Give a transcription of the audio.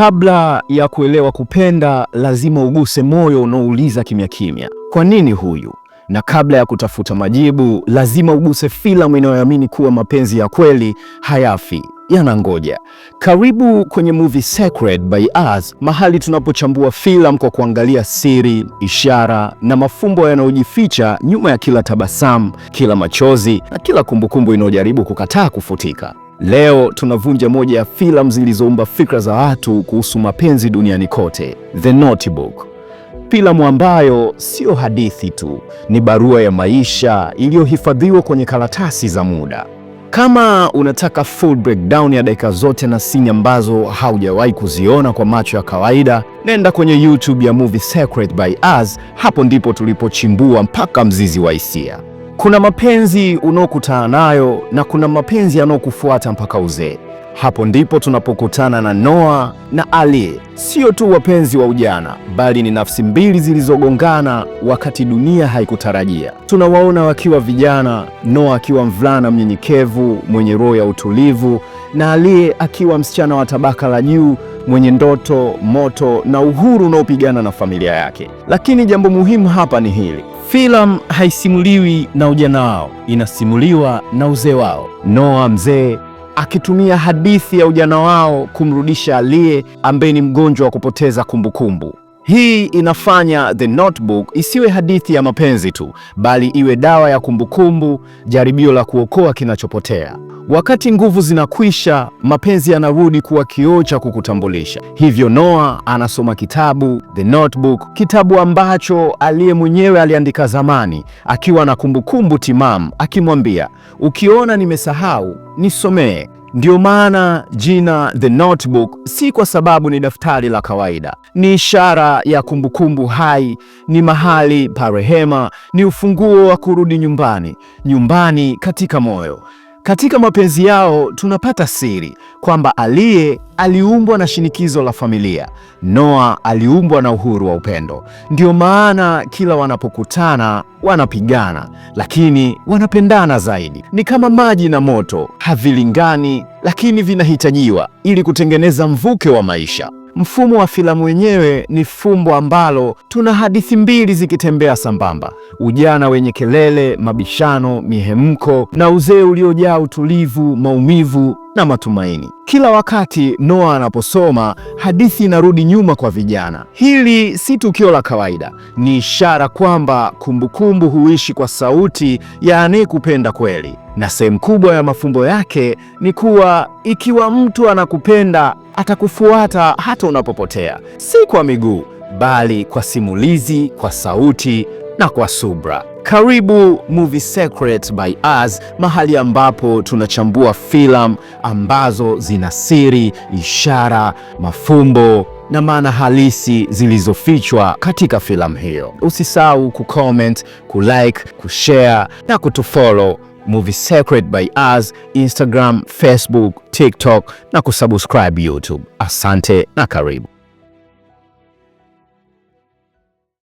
Kabla ya kuelewa kupenda, lazima uguse moyo unaouliza kimya kimya, kwa nini huyu? Na kabla ya kutafuta majibu, lazima uguse filamu inayoamini kuwa mapenzi ya kweli hayafi, yanangoja. Karibu kwenye Movie Sacred by Us, mahali tunapochambua filamu kwa kuangalia siri, ishara na mafumbo yanayojificha nyuma ya kila tabasamu, kila machozi na kila kumbukumbu inayojaribu kukataa kufutika. Leo tunavunja moja ya filamu zilizoumba fikra za watu kuhusu mapenzi duniani kote, The Notebook, filamu ambayo sio hadithi tu, ni barua ya maisha iliyohifadhiwa kwenye karatasi za muda. Kama unataka full breakdown ya dakika zote na sini ambazo haujawahi kuziona kwa macho ya kawaida, nenda kwenye YouTube ya Movie Secret by Us. Hapo ndipo tulipochimbua mpaka mzizi wa hisia. Kuna mapenzi unaokutana nayo na kuna mapenzi yanayokufuata mpaka uzee. Hapo ndipo tunapokutana na Noah na Ali. Sio tu wapenzi wa ujana, bali ni nafsi mbili zilizogongana wakati dunia haikutarajia. Tunawaona wakiwa vijana, Noah akiwa mvulana mnyenyekevu mwenye roho ya utulivu, na Ali akiwa msichana wa tabaka la juu mwenye ndoto, moto na uhuru unaopigana na familia yake. Lakini jambo muhimu hapa ni hili: Filamu haisimuliwi na ujana wao, inasimuliwa na uzee wao. noa mzee akitumia hadithi ya ujana wao kumrudisha aliye ambaye ni mgonjwa wa kupoteza kumbukumbu kumbu. Hii inafanya The Notebook isiwe hadithi ya mapenzi tu, bali iwe dawa ya kumbukumbu, jaribio la kuokoa kinachopotea. Wakati nguvu zinakwisha, mapenzi yanarudi kuwa kioo cha kukutambulisha. Hivyo Noah anasoma kitabu The Notebook, kitabu ambacho aliye mwenyewe aliandika zamani akiwa na kumbukumbu timamu, akimwambia ukiona nimesahau nisomee. ndio maana jina The Notebook si kwa sababu ni daftari la kawaida. Ni ishara ya kumbukumbu hai, ni mahali pa rehema, ni ufunguo wa kurudi nyumbani, nyumbani katika moyo. Katika mapenzi yao tunapata siri kwamba aliye aliumbwa na shinikizo la familia, Noa aliumbwa na uhuru wa upendo. Ndio maana kila wanapokutana wanapigana, lakini wanapendana zaidi. Ni kama maji na moto, havilingani, lakini vinahitajiwa ili kutengeneza mvuke wa maisha. Mfumo wa filamu wenyewe ni fumbo ambalo tuna hadithi mbili zikitembea sambamba: ujana wenye kelele, mabishano, mihemko na uzee uliojaa utulivu, maumivu na matumaini. Kila wakati Noah anaposoma, hadithi inarudi nyuma kwa vijana. Hili si tukio la kawaida, ni ishara kwamba kumbukumbu huishi kwa sauti ya anayekupenda kweli, na sehemu kubwa ya mafumbo yake ni kuwa ikiwa mtu anakupenda atakufuata hata unapopotea, si kwa miguu, bali kwa simulizi, kwa sauti na kwa subra. Karibu Movie Secret by Us, mahali ambapo tunachambua filamu ambazo zina siri, ishara, mafumbo na maana halisi zilizofichwa katika filamu hiyo. Usisahau kucomment, kulike, kushare na kutufollow. Movie Secret by Us Instagram, Facebook, TikTok na kusubscribe YouTube. Asante na karibu.